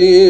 see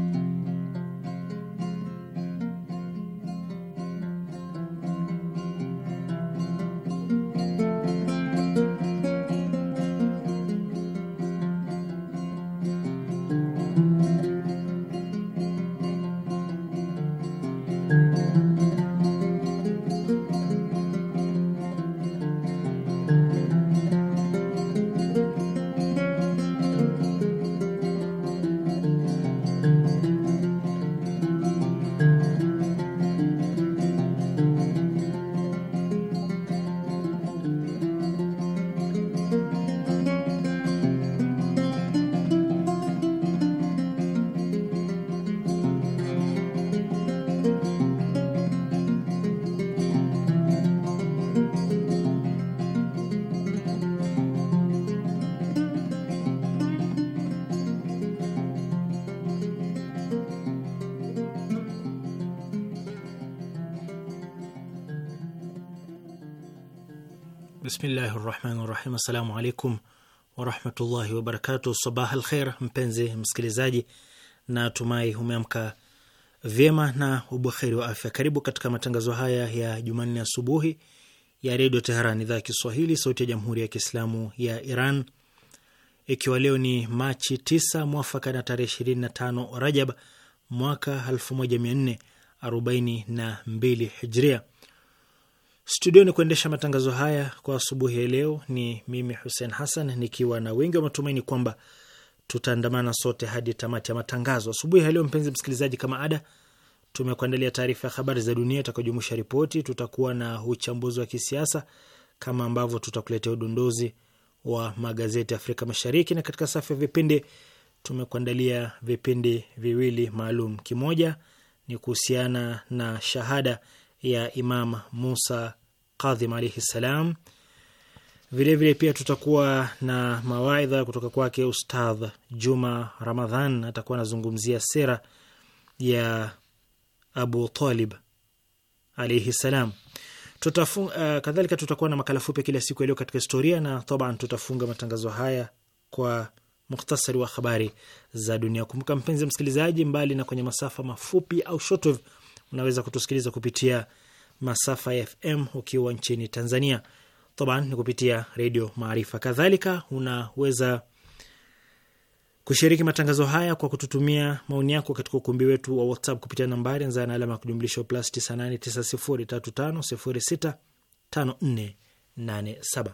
rahim. Assalamu alaikum warahmatullahi wabarakatuh. Sabah al kher, mpenzi msikilizaji, na tumai umeamka vyema na ubuheri wa afya. Karibu katika matangazo haya ya Jumanne asubuhi ya Redio Teheran, idhaa ya Kiswahili, sauti ya Jamhuri ya Kiislamu ya Iran, ikiwa leo ni Machi 9 mwafaka na tarehe 25 Rajab mwaka 1442 Hijria. Studioni kuendesha matangazo haya kwa asubuhi ya leo ni mimi Hussein Hassan, nikiwa na wengi wa matumaini kwamba tutaandamana sote hadi tamati ya matangazo asubuhi ya leo. Mpenzi msikilizaji, kama ada, tumekuandalia taarifa ya habari za dunia itakayojumuisha ripoti. Tutakuwa na uchambuzi wa kisiasa kama ambavyo tutakuletea udondozi wa magazeti Afrika Mashariki, na katika safu ya vipindi tumekuandalia vipindi viwili maalum. Kimoja ni kuhusiana na shahada ya Imam Musa Kadhim alaihi ssalam. Vilevile pia tutakuwa na mawaidha kutoka kwake Ustadh Juma Ramadhan, atakuwa anazungumzia sera ya Abu Talib alaihi ssalam. Uh, kadhalika tutakuwa na makala fupi kila siku yaliyo katika historia, na taban tutafunga matangazo haya kwa mukhtasari wa habari za dunia. Kumbuka mpenzi msikilizaji, mbali na kwenye masafa mafupi au shortwave unaweza kutusikiliza kupitia masafa ya FM ukiwa nchini Tanzania Toban ni kupitia Redio Maarifa. Kadhalika unaweza kushiriki matangazo haya kwa kututumia maoni yako katika ukumbi wetu wa WhatsApp kupitia nambari anza na alama ya kujumlisha plus 5487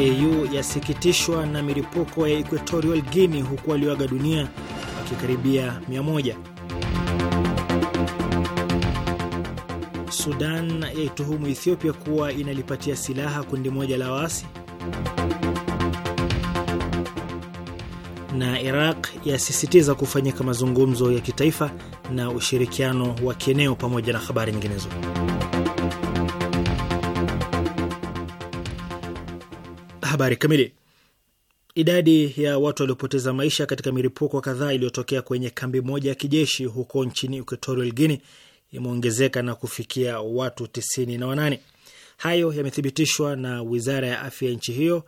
AU yasikitishwa na milipuko ya Equatorial Guinea huku walioaga dunia wakikaribia 100. Sudan yaituhumu Ethiopia kuwa inalipatia silaha kundi moja la waasi, na Iraq yasisitiza kufanyika mazungumzo ya kitaifa na ushirikiano wa kieneo, pamoja na habari nyinginezo. Habari kamili. Idadi ya watu waliopoteza maisha katika milipuko kadhaa iliyotokea kwenye kambi moja ya kijeshi huko nchini Equatorial Guinea imeongezeka na kufikia watu tisini na wanane. Hayo yamethibitishwa na wizara ya afya ya nchi hiyo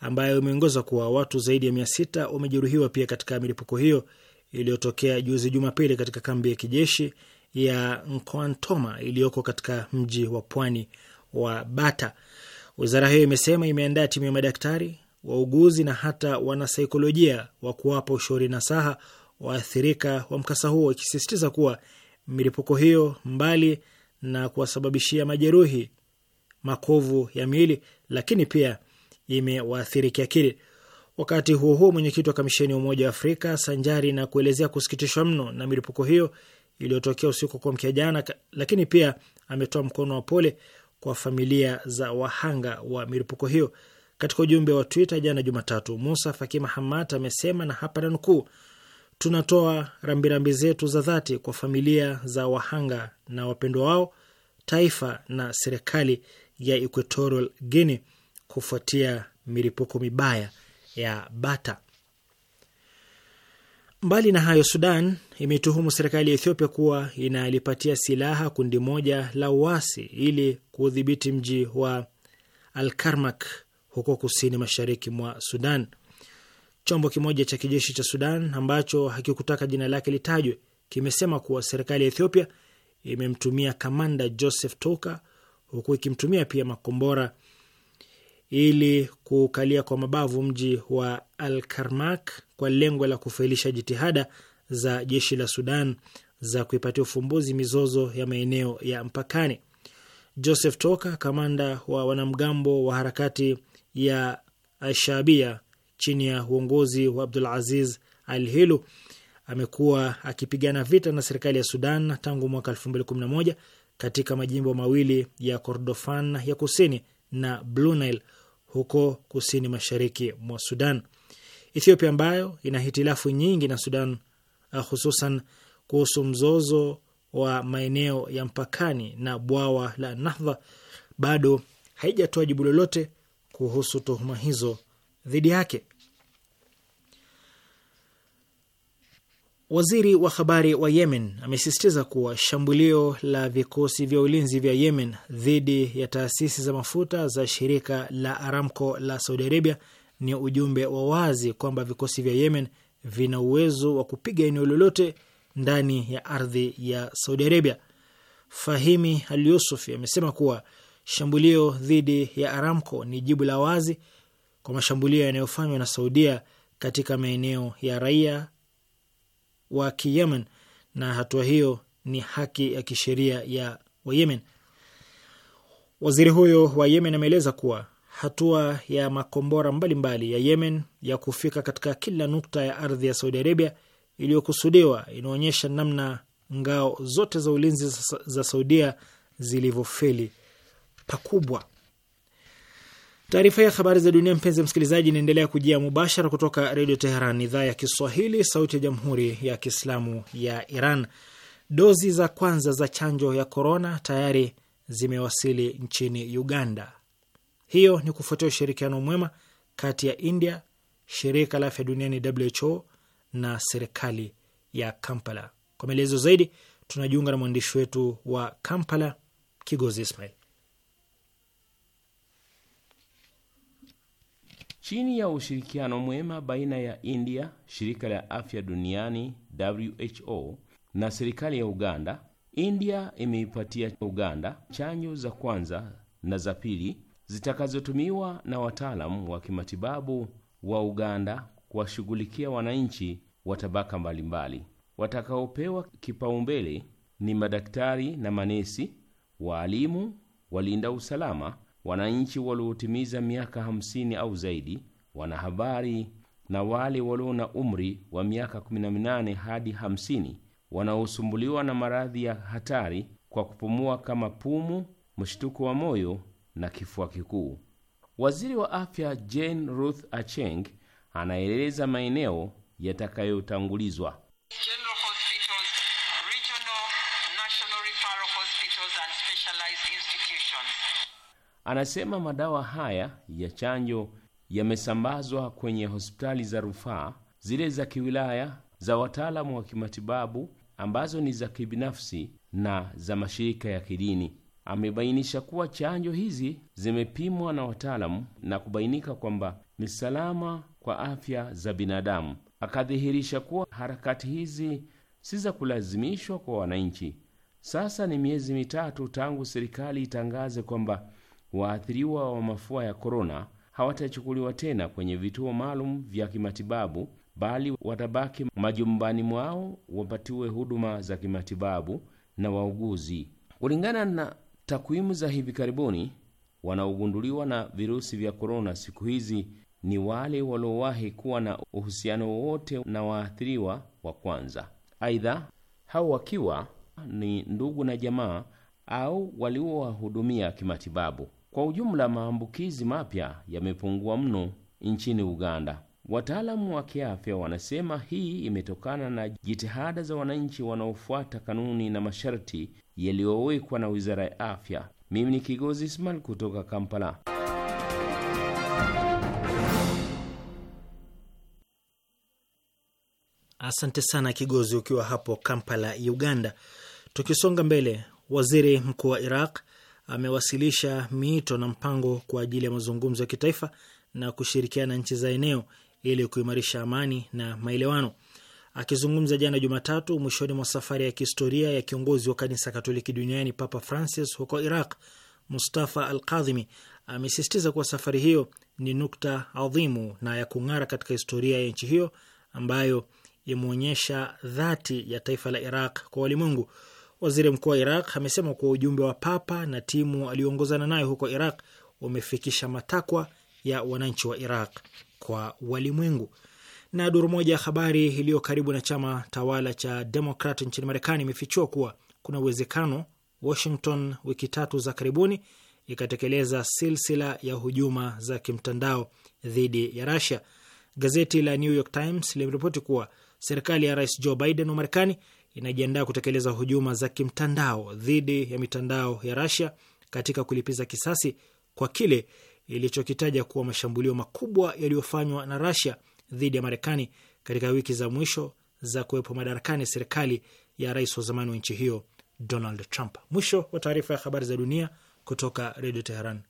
ambayo imeongoza kuwa watu zaidi ya mia sita wamejeruhiwa pia katika milipuko hiyo iliyotokea juzi Jumapili katika kambi ya kijeshi ya Nkoantoma iliyoko katika mji wa pwani wa Bata. Wizara hiyo imesema imeandaa timu ya madaktari, wauguzi na hata wanasaikolojia wa kuwapa ushauri saha waathirika wa mkasa huo, ikisisitiza kuwa milipuko hiyo mbali na kuwasababishia majeruhi, makovu ya miili, lakini pia imewaathiri kiakili. Wakati huo huo, mwenyekiti wa kamisheni ya Umoja wa Afrika sanjari na kuelezea kusikitishwa mno na milipuko hiyo iliyotokea usiku kuamkia jana, lakini pia ametoa mkono wa pole kwa familia za wahanga wa milipuko hiyo. Katika ujumbe wa Twitter jana Jumatatu, Musa Faki Mahamat amesema na hapa nanukuu, tunatoa rambirambi zetu za dhati kwa familia za wahanga na wapendwa wao, taifa na serikali ya Equatorial Guinea kufuatia milipuko mibaya ya Bata. Mbali na hayo, Sudan imetuhumu serikali ya Ethiopia kuwa inalipatia silaha kundi moja la uasi ili kudhibiti mji wa Alkarmak huko kusini mashariki mwa Sudan. Chombo kimoja cha kijeshi cha Sudan ambacho hakikutaka jina lake litajwe kimesema kuwa serikali ya Ethiopia imemtumia kamanda Joseph toka huku ikimtumia pia makombora ili kukalia kwa mabavu mji wa Al-Karmak kwa lengo la kufailisha jitihada za jeshi la Sudan za kuipatia ufumbuzi mizozo ya maeneo ya mpakani. Joseph Toka, kamanda wa wanamgambo wa harakati ya Ashabia chini ya uongozi wa Abdul Aziz Al Hilu, amekuwa akipigana vita na serikali ya Sudan tangu mwaka 211 katika majimbo mawili ya Kordofan ya kusini na Blue Nile huko kusini mashariki mwa Sudan. Ethiopia ambayo ina hitilafu nyingi na Sudan, eh, hususan kuhusu mzozo wa maeneo ya mpakani na bwawa la Nahdha, bado haijatoa jibu lolote kuhusu tuhuma hizo dhidi yake. Waziri wa habari wa Yemen amesisitiza kuwa shambulio la vikosi vya ulinzi vya Yemen dhidi ya taasisi za mafuta za shirika la Aramco la Saudi Arabia ni ujumbe wa wazi kwamba vikosi vya Yemen vina uwezo wa kupiga eneo lolote ndani ya ardhi ya Saudi Arabia. Fahimi Al Yusufi amesema kuwa shambulio dhidi ya Aramco ni jibu la wazi kwa mashambulio yanayofanywa na Saudia katika maeneo ya raia wa Kiyemen, na hatua hiyo ni haki ya kisheria ya Wayemen. Waziri huyo wa Yemen ameeleza kuwa hatua ya makombora mbalimbali mbali ya Yemen ya kufika katika kila nukta ya ardhi ya Saudi Arabia iliyokusudiwa inaonyesha namna ngao zote za ulinzi za Saudia zilivyofeli pakubwa. Taarifa ya habari za dunia, mpenzi msikilizaji, inaendelea kujia mubashara kutoka Redio Teheran, idhaa ya Kiswahili, sauti ya jamhuri ya kiislamu ya Iran. Dozi za kwanza za chanjo ya korona tayari zimewasili nchini Uganda. Hiyo ni kufuatia ushirikiano mwema kati ya India, shirika la afya duniani WHO na serikali ya Kampala. Kwa maelezo zaidi, tunajiunga na mwandishi wetu wa Kampala, Kigozi Ismail. Chini ya ushirikiano mwema baina ya India, shirika la afya duniani WHO na serikali ya Uganda, India imeipatia Uganda chanjo za kwanza na za pili zitakazotumiwa na wataalamu wa kimatibabu wa Uganda kuwashughulikia wananchi wa tabaka mbalimbali. Watakaopewa kipaumbele ni madaktari na manesi, waalimu, walinda usalama wananchi waliotimiza miaka hamsini au zaidi, wanahabari na wale walio na umri wa miaka 18 hadi 50 wanaosumbuliwa na maradhi ya hatari kwa kupumua kama pumu, mshtuko wa moyo na kifua kikuu. Waziri wa afya Jane Ruth Acheng anaeleza maeneo yatakayotangulizwa Anasema madawa haya ya chanjo yamesambazwa kwenye hospitali za rufaa, zile za kiwilaya, za wataalamu wa kimatibabu ambazo ni za kibinafsi na za mashirika ya kidini. Amebainisha kuwa chanjo hizi zimepimwa na wataalamu na kubainika kwamba ni salama kwa afya za binadamu. Akadhihirisha kuwa harakati hizi si za kulazimishwa kwa wananchi. Sasa ni miezi mitatu tangu serikali itangaze kwamba waathiriwa wa mafua ya korona hawatachukuliwa tena kwenye vituo maalum vya kimatibabu, bali watabaki majumbani mwao wapatiwe huduma za kimatibabu na wauguzi. Kulingana na takwimu za hivi karibuni, wanaogunduliwa na virusi vya korona siku hizi ni wale waliowahi kuwa na uhusiano wowote na waathiriwa wa kwanza, aidha hao wakiwa ni ndugu na jamaa au waliowahudumia kimatibabu. Kwa ujumla, maambukizi mapya yamepungua mno nchini Uganda. Wataalamu wa kiafya wanasema hii imetokana na jitihada za wananchi wanaofuata kanuni na masharti yaliyowekwa na Wizara ya Afya. Mimi ni Kigozi Ismail kutoka Kampala. Asante sana Kigozi, ukiwa hapo Kampala, Uganda. Tukisonga mbele, waziri mkuu wa Iraq amewasilisha miito na mpango kwa ajili ya mazungumzo ya kitaifa na kushirikiana nchi za eneo ili kuimarisha amani na maelewano. Akizungumza jana Jumatatu mwishoni mwa safari ya kihistoria ya kiongozi wa kanisa Katoliki duniani Papa Francis huko Iraq, Mustafa Al Kadhimi amesisitiza kuwa safari hiyo ni nukta adhimu na ya kung'ara katika historia ya nchi hiyo ambayo imeonyesha dhati ya taifa la Iraq kwa walimwengu. Waziri mkuu wa Iraq amesema kuwa ujumbe wa Papa na timu aliyoongozana nayo huko Iraq umefikisha matakwa ya wananchi wa Iraq kwa walimwengu. Na duru moja ya habari iliyo karibu na chama tawala cha Demokrat nchini Marekani imefichua kuwa kuna uwezekano Washington wiki tatu za karibuni ikatekeleza silsila ya hujuma za kimtandao dhidi ya rasia Gazeti la New York Times limeripoti kuwa serikali ya Rais Joe Biden wa Marekani inajiandaa kutekeleza hujuma za kimtandao dhidi ya mitandao ya Rasia katika kulipiza kisasi kwa kile ilichokitaja kuwa mashambulio makubwa yaliyofanywa na Rasia dhidi ya Marekani katika wiki za mwisho za kuwepo madarakani serikali ya rais wa zamani wa nchi hiyo Donald Trump. Mwisho wa taarifa ya habari za dunia kutoka Redio Teheran.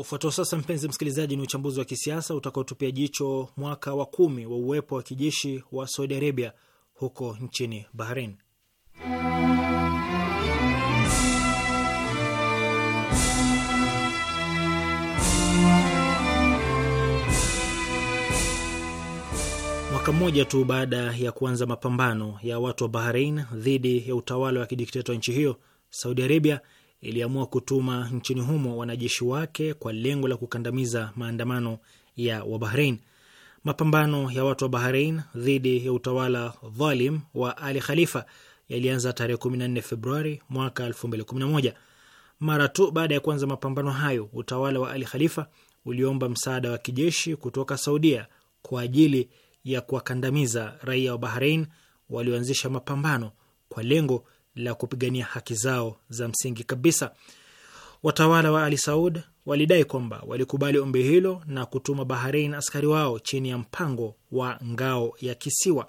Ufuatao sasa, mpenzi msikilizaji, ni uchambuzi wa kisiasa utakaotupia jicho mwaka wa kumi wa uwepo wa kijeshi wa Saudi Arabia huko nchini Bahrain. Mwaka mmoja tu baada ya kuanza mapambano ya watu wa Bahrain dhidi ya utawala wa kidikteta wa nchi hiyo, Saudi Arabia iliamua kutuma nchini humo wanajeshi wake kwa lengo la kukandamiza maandamano ya Wabahrein. Mapambano ya watu wa Bahrein dhidi ya utawala dhalim wa Ali Khalifa yalianza tarehe 14 Februari mwaka 2011. Mara tu baada ya kuanza mapambano hayo, utawala wa Ali Khalifa uliomba msaada wa kijeshi kutoka Saudia kwa ajili ya kuwakandamiza raia wa Bahrein walioanzisha mapambano kwa lengo la kupigania haki zao za msingi kabisa. Watawala wa Ali Saud walidai kwamba walikubali ombi hilo na kutuma Bahrein askari wao chini ya mpango wa ngao ya kisiwa.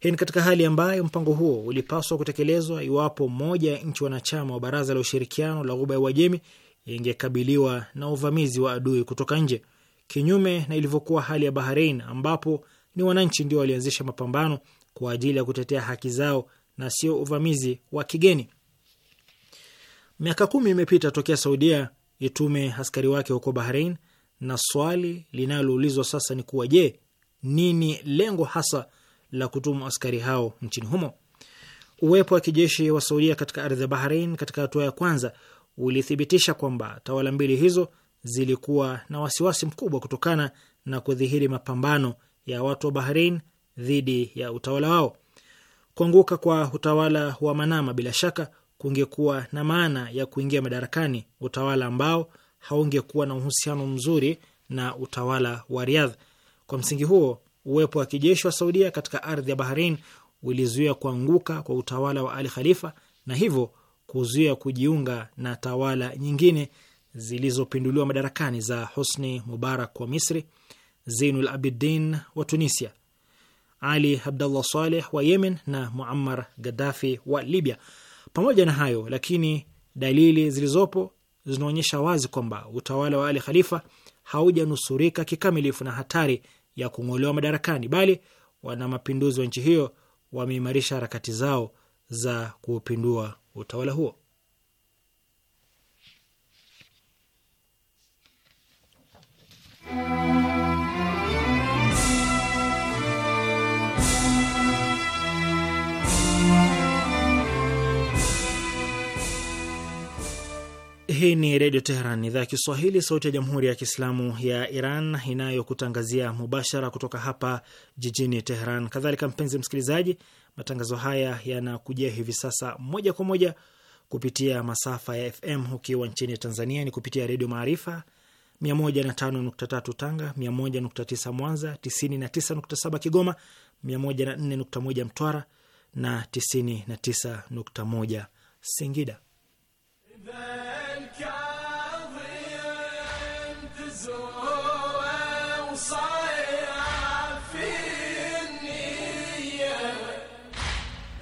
Hii ni katika hali ambayo mpango huo ulipaswa kutekelezwa iwapo moja ya nchi wanachama wa Baraza la Ushirikiano la Ghuba ya Uajemi ingekabiliwa na uvamizi wa adui kutoka nje, kinyume na ilivyokuwa hali ya Bahrein ambapo ni wananchi ndio walianzisha mapambano kwa ajili ya kutetea haki zao na sio uvamizi wa kigeni. Miaka kumi imepita tokea Saudia itume askari wake huko Bahrain, na swali linaloulizwa sasa ni kuwa je, nini lengo hasa la kutuma askari hao nchini humo? Uwepo wa kijeshi wa Saudia katika ardhi ya Bahrain katika hatua ya kwanza ulithibitisha kwamba tawala mbili hizo zilikuwa na wasiwasi mkubwa kutokana na kudhihiri mapambano ya watu wa Bahrain dhidi ya utawala wao. Kuanguka kwa utawala wa Manama bila shaka kungekuwa na maana ya kuingia madarakani utawala ambao haungekuwa na uhusiano mzuri na utawala wa Riadh. Kwa msingi huo, uwepo wa kijeshi wa Saudia katika ardhi ya Bahrain ulizuia kuanguka kwa utawala wa Ali Khalifa na hivyo kuzuia kujiunga na tawala nyingine zilizopinduliwa madarakani za husni Mubarak wa Misri, Zeinul Abidin wa Tunisia ali Abdullah Saleh wa Yemen na Muammar Gaddafi wa Libya. Pamoja na hayo lakini, dalili zilizopo zinaonyesha wazi kwamba utawala wa Ali Khalifa haujanusurika kikamilifu na hatari ya kung'olewa madarakani, bali wana mapinduzi wa nchi hiyo wameimarisha harakati zao za kuupindua utawala huo. Hii ni Redio Teheran, idhaa ya Kiswahili, sauti ya Jamhuri ya Kiislamu ya Iran, inayokutangazia mubashara kutoka hapa jijini Teheran. Kadhalika mpenzi msikilizaji, matangazo haya yanakujia hivi sasa moja kwa moja kupitia masafa ya FM. Ukiwa nchini Tanzania ni kupitia Redio Maarifa 105.3 Tanga, 101.9 Mwanza, 99.7 Kigoma, 104.1 Mtwara na 99.1 Singida.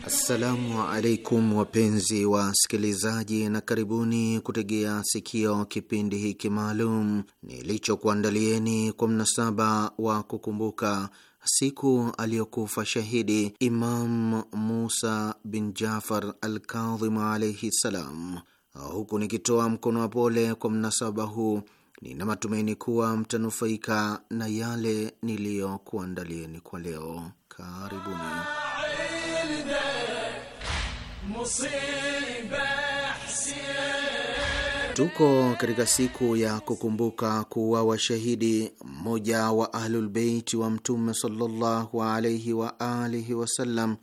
Assalamu alaikum wapenzi wasikilizaji, na karibuni kutegea sikio kipindi hiki maalum nilichokuandalieni kwa mnasaba wa kukumbuka siku aliyokufa shahidi Imam Musa bin Jafar al Kadhim alaihi ssalam, huku nikitoa mkono wa pole kwa mnasaba huu Nina matumaini kuwa mtanufaika na yale niliyokuandalieni kwa leo. Karibuni. Tuko katika siku ya kukumbuka kuwa washahidi mmoja wa Ahlulbeiti wa Mtume sallallahu alaihi waalihi wasallam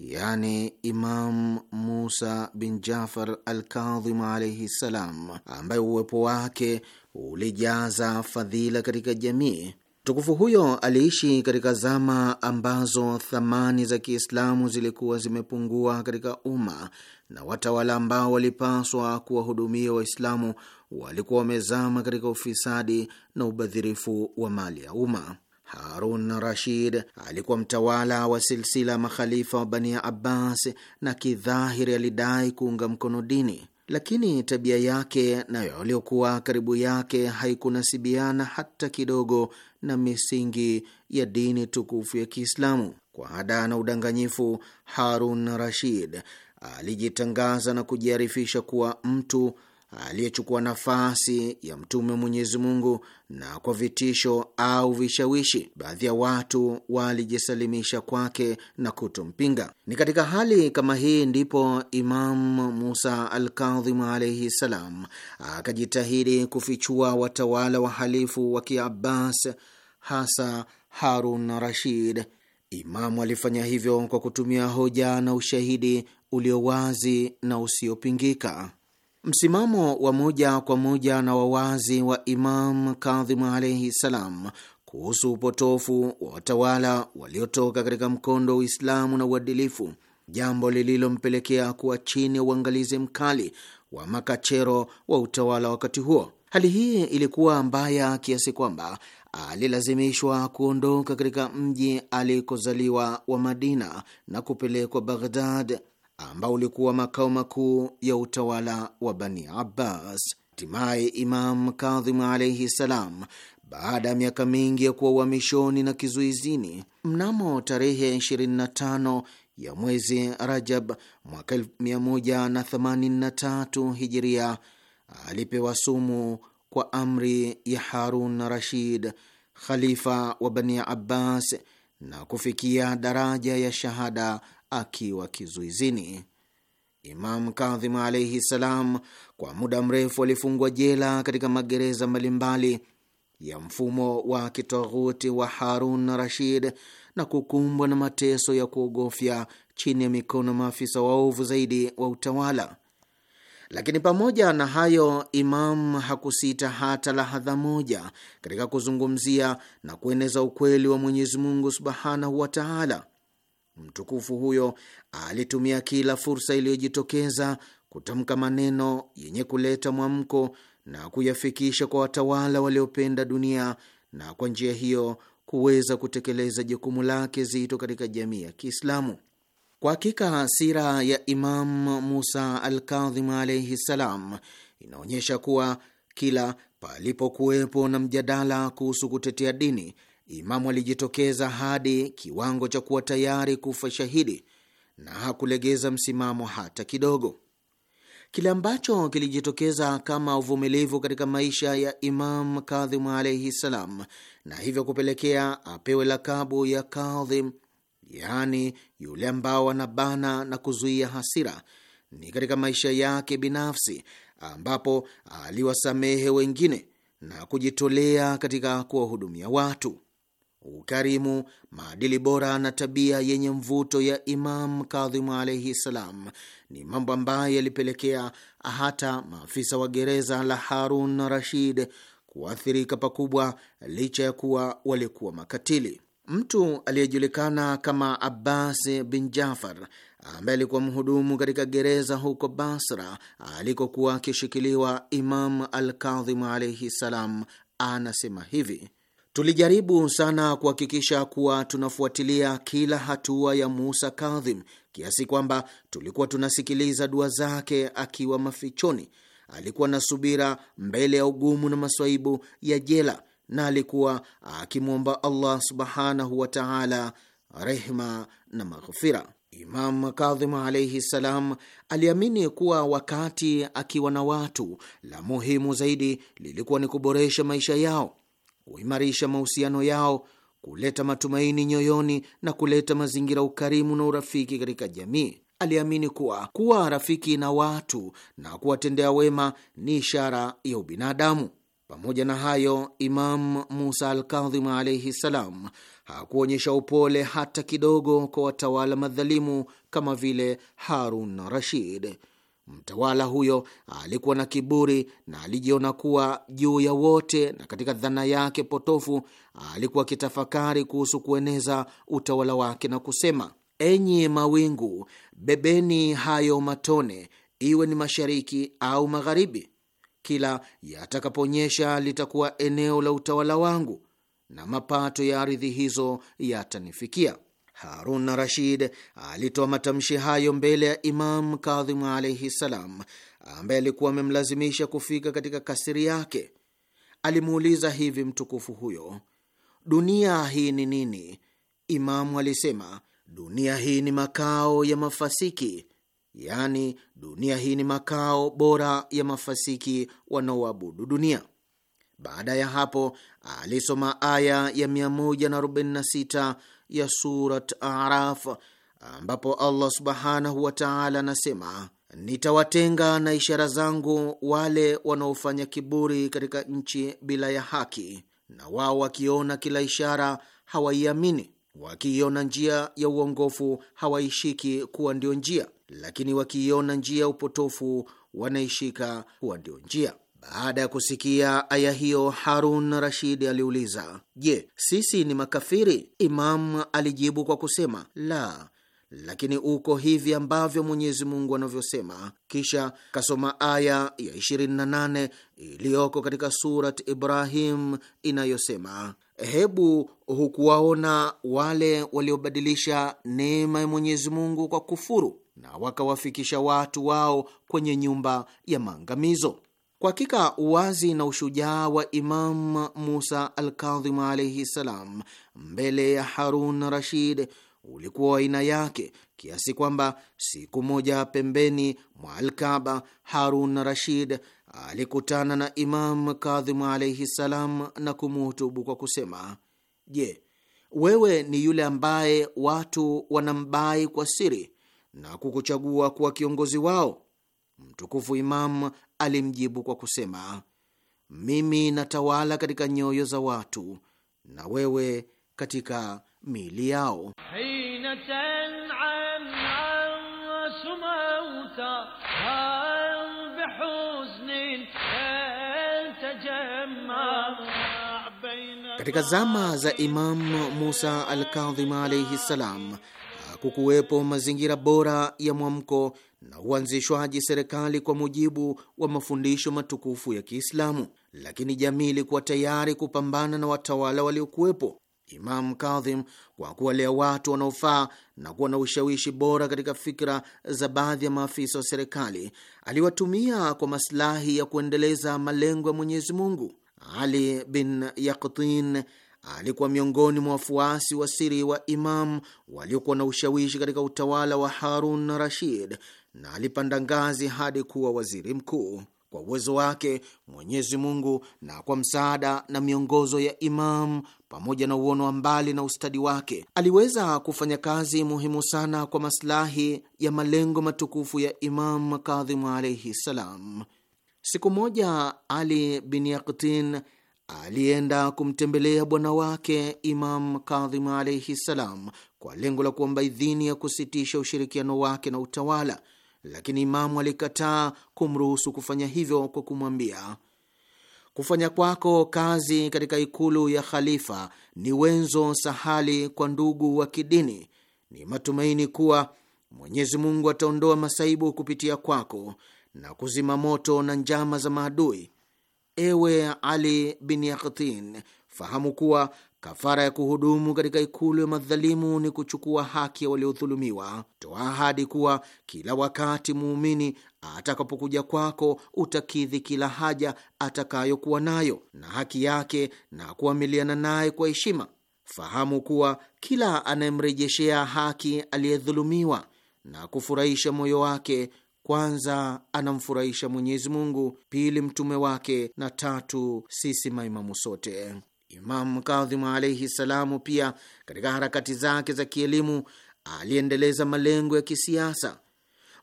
yani Imam Musa bin Jafar al Kadhim alaihi ssalam, ambaye uwepo wake ulijaza fadhila katika jamii. Mtukufu huyo aliishi katika zama ambazo thamani za Kiislamu zilikuwa zimepungua katika umma na watawala ambao walipaswa kuwahudumia Waislamu walikuwa wamezama katika ufisadi na ubadhirifu wa mali ya umma. Harun Rashid alikuwa mtawala wa silsila makhalifa wa Bani Abbas na kidhahiri alidai kuunga mkono dini, lakini tabia yake nayo aliyokuwa karibu yake haikunasibiana hata kidogo na misingi ya dini tukufu ya Kiislamu. Kwa ada na udanganyifu, Harun Rashid alijitangaza na kujiarifisha kuwa mtu aliyechukua nafasi ya mtume wa Mwenyezi Mungu, na kwa vitisho au vishawishi, baadhi ya watu walijisalimisha kwake na kutompinga. Ni katika hali kama hii ndipo imam Musa Alkadhimu alaihi ssalam akajitahidi kufichua watawala wahalifu wa Kiabbas, hasa Harun Rashid. Imamu alifanya hivyo kwa kutumia hoja na ushahidi ulio wazi na usiopingika. Msimamo wa moja kwa moja na wawazi wa Imam Kadhimu alaihi salam kuhusu upotofu wa watawala waliotoka katika mkondo wa Uislamu na uadilifu, jambo lililompelekea kuwa chini ya uangalizi mkali wa makachero wa utawala wakati huo. Hali hii ilikuwa mbaya kiasi kwamba alilazimishwa kuondoka katika mji alikozaliwa wa Madina na kupelekwa Baghdad ambao ulikuwa makao makuu ya utawala wa Bani Abbas. Hatimaye Imam Kadhim alaihi salam, baada ya miaka mingi ya kuwa uhamishoni na kizuizini, mnamo tarehe 25 ya mwezi Rajab mwaka 183 Hijiria alipewa sumu kwa amri ya Harun Rashid, khalifa wa Bani Abbas, na kufikia daraja ya shahada akiwa kizuizini. Imam Kadhim alaihi salam kwa muda mrefu alifungwa jela katika magereza mbalimbali ya mfumo wa kitoghuti wa Harun Rashid na kukumbwa na mateso ya kuogofya chini ya mikono maafisa waovu zaidi wa utawala. Lakini pamoja na hayo, Imam hakusita hata lahadha moja katika kuzungumzia na kueneza ukweli wa Mwenyezi Mungu subhanahu wa taala mtukufu huyo alitumia kila fursa iliyojitokeza kutamka maneno yenye kuleta mwamko na kuyafikisha kwa watawala waliopenda dunia na kwa njia hiyo kuweza kutekeleza jukumu lake zito katika jamii ya Kiislamu. Kwa hakika sira ya Imam Musa Alkadhim alaihi ssalam inaonyesha kuwa kila palipokuwepo na mjadala kuhusu kutetea dini Imamu alijitokeza hadi kiwango cha kuwa tayari kufa shahidi na hakulegeza msimamo hata kidogo. Kile ambacho kilijitokeza kama uvumilivu katika maisha ya Imam Kadhim alaihi ssalam, na hivyo kupelekea apewe lakabu ya Kadhim, yaani yule ambao anabana na kuzuia hasira, ni katika maisha yake binafsi ambapo aliwasamehe wengine na kujitolea katika kuwahudumia watu ukarimu, maadili bora na tabia yenye mvuto ya Imam Kadhimu alaihi ssalam ni mambo ambayo yalipelekea hata maafisa wa gereza la Harun Rashid kuathirika pakubwa, licha ya kuwa walikuwa makatili. Mtu aliyejulikana kama Abbas bin Jafar ambaye alikuwa mhudumu katika gereza huko Basra alikokuwa akishikiliwa Imam Alkadhimu alaihi ssalam anasema hivi: Tulijaribu sana kuhakikisha kuwa tunafuatilia kila hatua ya Musa Kadhim kiasi kwamba tulikuwa tunasikiliza dua zake akiwa mafichoni. Alikuwa na subira mbele ya ugumu na maswaibu ya jela, na alikuwa akimwomba Allah subhanahu wa taala rehma na maghfira. Imam Kadhim alaihi ssalam aliamini kuwa wakati akiwa na watu, la muhimu zaidi lilikuwa ni kuboresha maisha yao kuimarisha mahusiano yao, kuleta matumaini nyoyoni na kuleta mazingira ukarimu na urafiki katika jamii. Aliamini kuwa kuwa rafiki na watu na kuwatendea wema ni ishara ya ubinadamu. Pamoja na hayo, Imam Musa Alkadhim alaihi ssalam hakuonyesha upole hata kidogo kwa watawala madhalimu kama vile Harun Rashid. Mtawala huyo alikuwa na kiburi na alijiona kuwa juu ya wote, na katika dhana yake potofu alikuwa akitafakari kuhusu kueneza utawala wake na kusema: enyi mawingu, bebeni hayo matone, iwe ni mashariki au magharibi. Kila yatakaponyesha litakuwa eneo la utawala wangu, na mapato ya ardhi hizo yatanifikia. Harun Rashid alitoa matamshi hayo mbele ya Imam Kadhimu alaihi ssalam, ambaye alikuwa amemlazimisha kufika katika kasiri yake. Alimuuliza hivi mtukufu huyo, dunia hii ni nini? Imamu alisema, dunia hii ni makao ya mafasiki, yaani dunia hii ni makao bora ya mafasiki wanaoabudu dunia. Baada ya hapo alisoma aya ya 146 ya Surat Araf ambapo Allah subhanahu wa taala anasema, nitawatenga na ishara zangu wale wanaofanya kiburi katika nchi bila ya haki, na wao wakiona kila ishara hawaiamini, wakiiona njia ya uongofu hawaishiki kuwa ndio njia, lakini wakiiona njia ya upotofu wanaishika kuwa ndio njia. Baada ya kusikia aya hiyo, Harun rashidi aliuliza, je, sisi ni makafiri? Imam alijibu kwa kusema la, lakini uko hivi ambavyo Mwenyezi Mungu anavyosema. Kisha kasoma aya ya 28 iliyoko katika Surat Ibrahim inayosema, hebu hukuwaona wale waliobadilisha neema ya Mwenyezi Mungu kwa kufuru na wakawafikisha watu wao kwenye nyumba ya maangamizo kwa hakika uwazi na ushujaa wa Imam Musa Alkadhim alaihi ssalam mbele ya Harun Rashid ulikuwa aina yake kiasi kwamba siku moja pembeni mwa Alkaba Harun Rashid alikutana na Imam Kadhim alaihi ssalam na kumuhutubu kwa kusema: Je, wewe ni yule ambaye watu wanambai kwa siri na kukuchagua kuwa kiongozi wao Mtukufu Imam alimjibu kwa kusema, mimi natawala katika nyoyo za watu na wewe katika miili yao. Katika zama za Imam Musa Alkadhim alaihi ssalam, hakukuwepo mazingira bora ya mwamko na uanzishwaji serikali kwa mujibu wa mafundisho matukufu ya Kiislamu, lakini jamii ilikuwa tayari kupambana na watawala waliokuwepo. Imam Kadhim, kwa kuwalea watu wanaofaa na kuwa na ushawishi bora katika fikra za baadhi ya maafisa wa serikali, aliwatumia kwa masilahi ya kuendeleza malengo ya Mwenyezi Mungu. Ali bin Yaqtin alikuwa miongoni mwa wafuasi wa siri wa Imam waliokuwa na ushawishi katika utawala wa Harun Rashid na alipanda ngazi hadi kuwa waziri mkuu. Kwa uwezo wake Mwenyezi Mungu na kwa msaada na miongozo ya Imam pamoja na uono wa mbali na ustadi wake, aliweza kufanya kazi muhimu sana kwa masilahi ya malengo matukufu ya Imam Kadhimu alaihi ssalam. Siku moja Ali bin Yaktin alienda kumtembelea bwana wake Imam Kadhim alaihi ssalam kwa lengo la kuomba idhini ya kusitisha ushirikiano wake na utawala lakini Imamu alikataa kumruhusu kufanya hivyo kwa kumwambia, kufanya kwako kazi katika ikulu ya khalifa ni wenzo sahali kwa ndugu wa kidini. Ni matumaini kuwa Mwenyezi Mungu ataondoa masaibu kupitia kwako na kuzima moto na njama za maadui. Ewe Ali bin Yaktin, fahamu kuwa Kafara ya kuhudumu katika ikulu ya madhalimu ni kuchukua haki ya waliodhulumiwa. Toa ahadi kuwa kila wakati muumini atakapokuja kwako utakidhi kila haja atakayokuwa nayo na haki yake na kuamiliana naye kwa heshima. Fahamu kuwa kila anayemrejeshea haki aliyedhulumiwa na kufurahisha moyo wake, kwanza anamfurahisha Mwenyezi Mungu, pili mtume wake, na tatu sisi maimamu sote. Imamu Kadhimu alaihi salamu pia katika harakati zake za kielimu aliendeleza malengo ya kisiasa.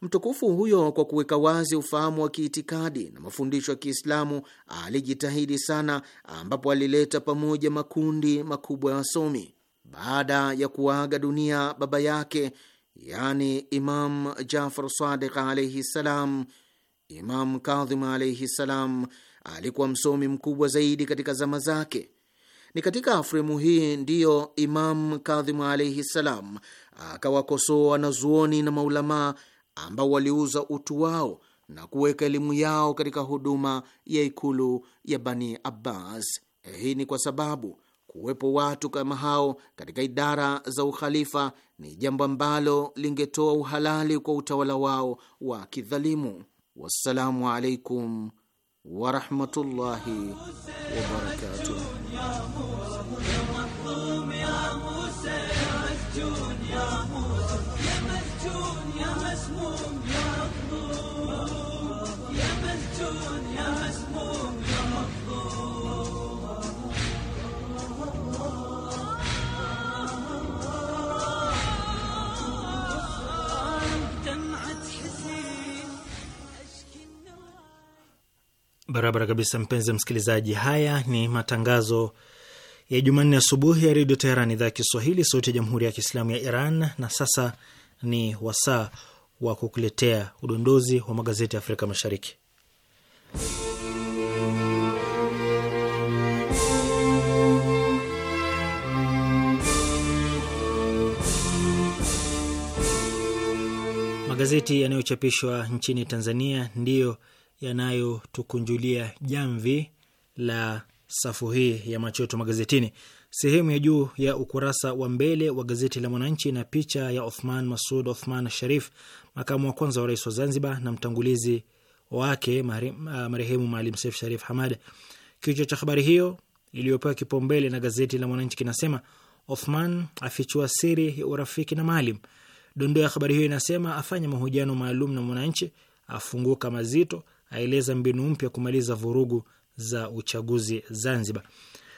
Mtukufu huyo kwa kuweka wazi ufahamu wa kiitikadi na mafundisho ya Kiislamu alijitahidi sana, ambapo alileta pamoja makundi makubwa ya wasomi. Baada ya kuaga dunia baba yake, yani Imam Jafar Sadiq alaihi salam, Imam Kadhim alaihi salam alikuwa msomi mkubwa zaidi katika zama zake. Ni katika fremu hii ndiyo Imam Kadhimu alaihi ssalam akawakosoa wanazuoni na maulamaa ambao waliuza utu wao na kuweka elimu yao katika huduma ya ikulu ya Bani Abbas. Hii ni kwa sababu kuwepo watu kama hao katika idara za ukhalifa ni jambo ambalo lingetoa uhalali kwa utawala wao wa kidhalimu. Wassalamu alaikum warahmatullahi wabarakatuh. السلام Barabara kabisa, mpenzi msikilizaji. Haya ni matangazo ya Jumanne asubuhi ya Redio Teheran, idhaa ya Kiswahili, sauti ya Jamhuri ya Kiislamu ya Iran. Na sasa ni wasaa wa kukuletea udondozi wa magazeti ya Afrika Mashariki. Magazeti yanayochapishwa nchini Tanzania ndiyo yanayotukunjulia jamvi la safu hii ya machoto magazetini. Sehemu ya juu ya ukurasa wa mbele wa gazeti la Mwananchi na picha ya Othman Masud Othman Sharif, makamu wa kwanza wa rais wa Zanzibar na mtangulizi wake uh, marehemu Maalim Seif Sharif Hamad. Kichwa cha habari hiyo iliyopewa kipaumbele na gazeti la Mwananchi kinasema Othman afichua siri ya urafiki na Maalim. Dondoo ya habari hiyo inasema afanya mahojiano maalum na Mwananchi, afunguka mazito, aeleza mbinu mpya kumaliza vurugu za uchaguzi Zanzibar.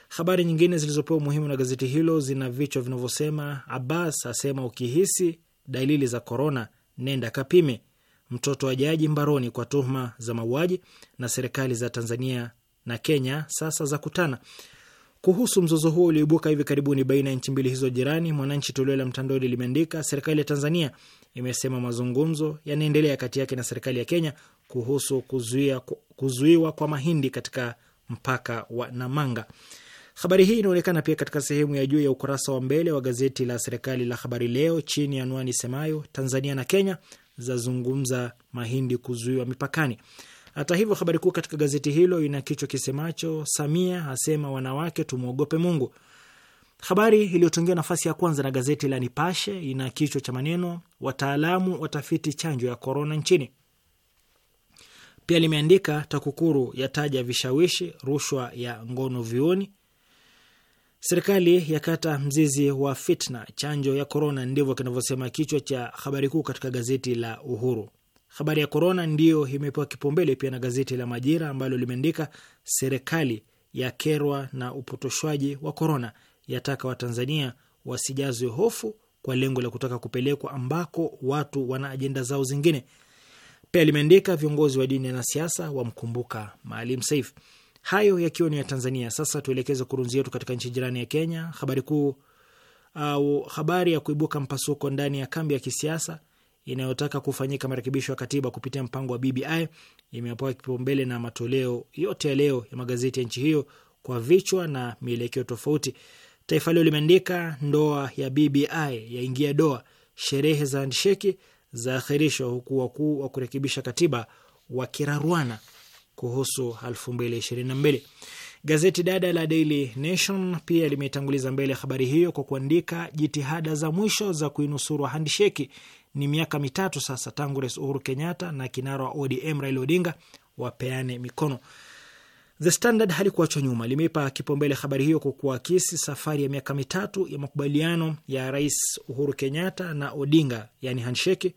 Habari nyingine zilizopewa umuhimu na gazeti hilo zina vichwa vinavyosema: Abbas asema ukihisi dalili za korona nenda kapime, mtoto wa jaji mbaroni kwa tuhuma za mauaji, na serikali za Tanzania na Kenya sasa za kutana kuhusu mzozo huo ulioibuka hivi karibuni baina ya nchi mbili hizo jirani. Mwananchi toleo la mtandaoni limeandika serikali ya Tanzania imesema mazungumzo yanaendelea kati yake na serikali ya Kenya kuhusu kuzuia, kuzuiwa kwa mahindi katika mpaka wa Namanga. Habari hii inaonekana pia katika sehemu ya juu ya ukurasa wa mbele wa gazeti la serikali la Habari Leo chini ya anwani semayo Tanzania na Kenya zazungumza mahindi kuzuiwa mipakani. Hata hivyo, habari kuu katika gazeti hilo ina kichwa kisemacho Samia asema wanawake tumwogope Mungu. Habari iliyotungiwa nafasi ya kwanza na gazeti la Nipashe ina kichwa cha maneno wataalamu watafiti chanjo ya korona nchini. Pia limeandika TAKUKURU yataja vishawishi rushwa ya ngono vioni serikali yakata mzizi wa fitna, chanjo ya korona, ndivyo kinavyosema kichwa cha habari kuu katika gazeti la Uhuru. Habari ya korona ndiyo imepewa kipaumbele pia na gazeti la Majira ambalo limeandika serikali yakerwa na upotoshwaji wa korona, yataka Watanzania wasijazwe hofu kwa lengo la kutaka kupelekwa ambako watu wana ajenda zao zingine. Pia limeandika viongozi wa dini na siasa wamkumbuka Maalim Seif. Hayo yakiwa ni ya Tanzania. Sasa tuelekeze kurunzi yetu katika nchi jirani ya Kenya. Habari kuu au habari ya kuibuka mpasuko ndani ya kambi ya kisiasa inayotaka kufanyika marekebisho ya katiba kupitia mpango wa BBI imepewa kipaumbele na matoleo yote ya leo ya magazeti ya nchi hiyo kwa vichwa na mielekeo tofauti. Taifa Leo limeandika ndoa ya BBI yaingia doa, sherehe za andsheki za akhirishwa huku wakuu wa kurekebisha katiba wakirarwana kuhusu 2022. Gazeti dada la Daily Nation pia limetanguliza mbele habari hiyo kwa kuandika jitihada za mwisho za kuinusuru handisheki. Ni miaka mitatu sasa tangu Rais Uhuru Kenyatta na kinara wa ODM Raila Odinga wapeane mikono. The Standard halikuachwa nyuma, limeipa kipaumbele habari hiyo kwa kuakisi safari ya miaka mitatu ya makubaliano ya Rais Uhuru Kenyatta na Odinga, yani handsheki,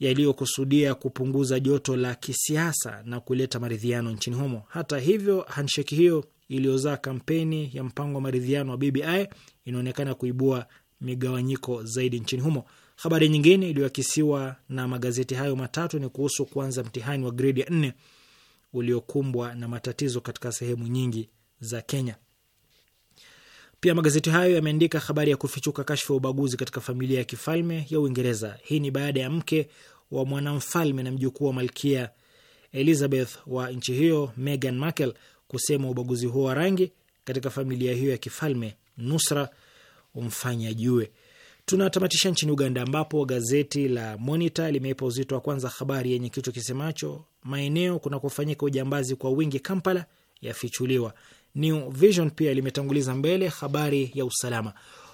yaliyokusudia kupunguza joto la kisiasa na kuleta maridhiano nchini humo. Hata hivyo, handsheki hiyo iliyozaa kampeni ya mpango wa maridhiano wa BBI inaonekana kuibua migawanyiko zaidi nchini humo. Habari nyingine iliyoakisiwa na magazeti hayo matatu ni kuhusu kuanza mtihani wa gredi ya nne uliokumbwa na matatizo katika sehemu nyingi za Kenya. Pia magazeti hayo yameandika habari ya kufichuka kashfa ya ubaguzi katika familia ya kifalme ya Uingereza. Hii ni baada ya mke wa mwanamfalme na mjukuu wa malkia Elizabeth wa nchi hiyo Meghan Markle kusema ubaguzi huo wa rangi katika familia hiyo ya kifalme nusra umfanya jue. Tunatamatisha nchini Uganda, ambapo gazeti la Monitor limeipa uzito wa kwanza habari yenye kichwa kisemacho maeneo kuna kufanyika ujambazi kwa wingi Kampala yafichuliwa. New Vision pia limetanguliza mbele habari ya usalama.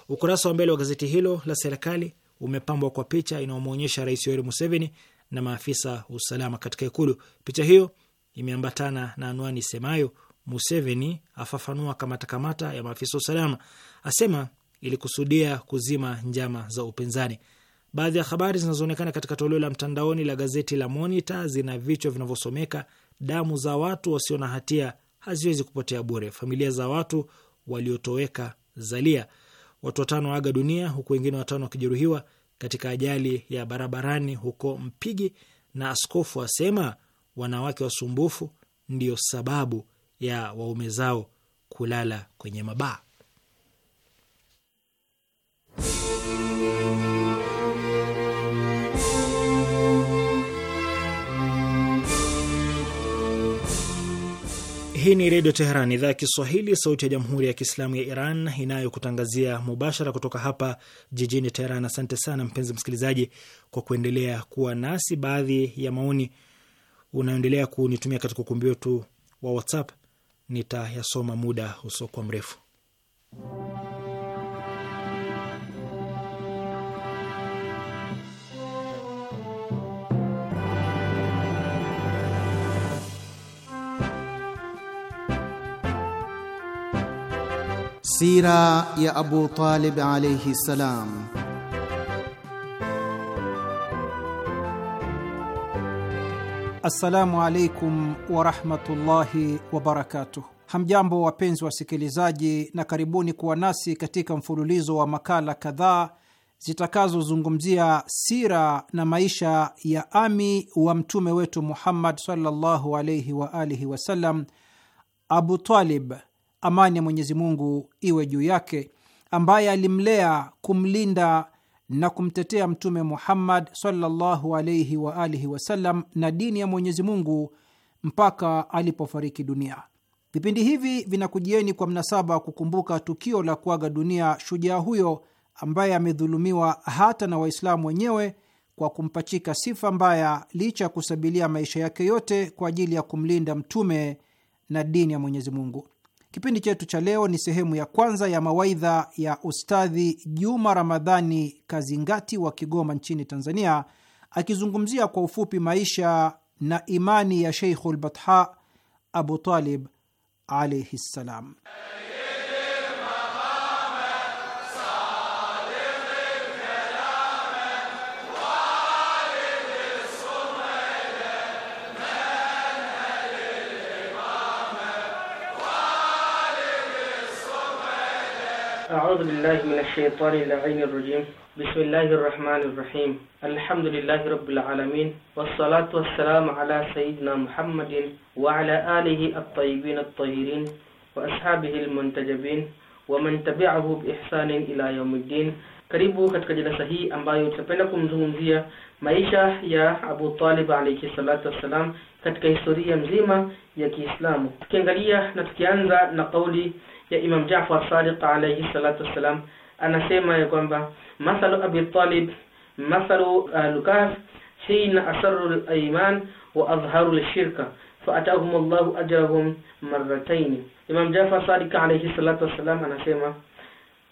Ukurasa wa mbele wa gazeti hilo la serikali umepambwa kwa picha inayomwonyesha Rais Yoweri Museveni na maafisa usalama katika Ikulu. Picha hiyo imeambatana na anwani semayo Museveni afafanua kamatakamata ya maafisa usalama, asema ilikusudia kuzima njama za upinzani. Baadhi ya habari zinazoonekana katika toleo la mtandaoni la gazeti la Monita zina vichwa vinavyosomeka: damu za watu wasio na hatia haziwezi kupotea bure, familia za watu waliotoweka zalia, watu watano waaga dunia huku wengine watano wakijeruhiwa katika ajali ya barabarani huko Mpigi, na askofu asema wanawake wasumbufu ndiyo sababu ya waume zao kulala kwenye mabaa. Hii ni Redio Teheran, idhaa ya Kiswahili, sauti ya Jamhuri ya Kiislamu ya Iran inayokutangazia mubashara kutoka hapa jijini Teheran. Asante sana mpenzi msikilizaji kwa kuendelea kuwa nasi. Baadhi ya maoni unayoendelea kunitumia katika ukumbi wetu wa WhatsApp nitayasoma muda usiokuwa mrefu. Sira ya Abu Talib alayhi salam. Assalamu alaikum warahmatullahi wabarakatuh. Hamjambo wapenzi wasikilizaji, na karibuni kuwa nasi katika mfululizo wa makala kadhaa zitakazozungumzia sira na maisha ya ami wa mtume wetu Muhammad sallallahu alayhi wa alihi wasallam, Abu Talib amani ya Mwenyezi Mungu iwe juu yake, ambaye alimlea, kumlinda na kumtetea Mtume Muhammad sallallahu alaihi wa alihi wasallam na dini ya Mwenyezi Mungu mpaka alipofariki dunia. Vipindi hivi vinakujieni kwa mnasaba wa kukumbuka tukio la kuaga dunia shujaa huyo ambaye amedhulumiwa hata na Waislamu wenyewe kwa kumpachika sifa mbaya licha ya kusabilia maisha yake yote kwa ajili ya kumlinda mtume na dini ya Mwenyezi Mungu. Kipindi chetu cha leo ni sehemu ya kwanza ya mawaidha ya Ustadhi Juma Ramadhani Kazingati wa Kigoma nchini Tanzania, akizungumzia kwa ufupi maisha na imani ya Sheikhul Batha Abu Talib alaihi ssalam. أعوذ بالله من الشيطان اللعين الرجيم بسم الله الرحمن الرحيم الحمد لله رب العالمين والصلاة والسلام على سيدنا محمد وعلى آله الطيبين الطاهرين وأصحابه المنتجبين ومن تبعه بإحسان إلى يوم الدين karibu katika jalsa hii ambayo tutapenda kumzungumzia maisha ya abu talib alayhi salatu wassalam katika historia mzima ya kiislamu tukiangalia na tukianza na kauli ya Imam Jafar Sadiq alayhi salatu wassalam, anasema ya kwamba mathalu Abi Talib mathalu uh, Lukas hina asarru al-iman wa azharu al-shirka fa atahum Allahu ajrahum marratayn. Imam Jafar Sadiq alayhi salatu wassalam anasema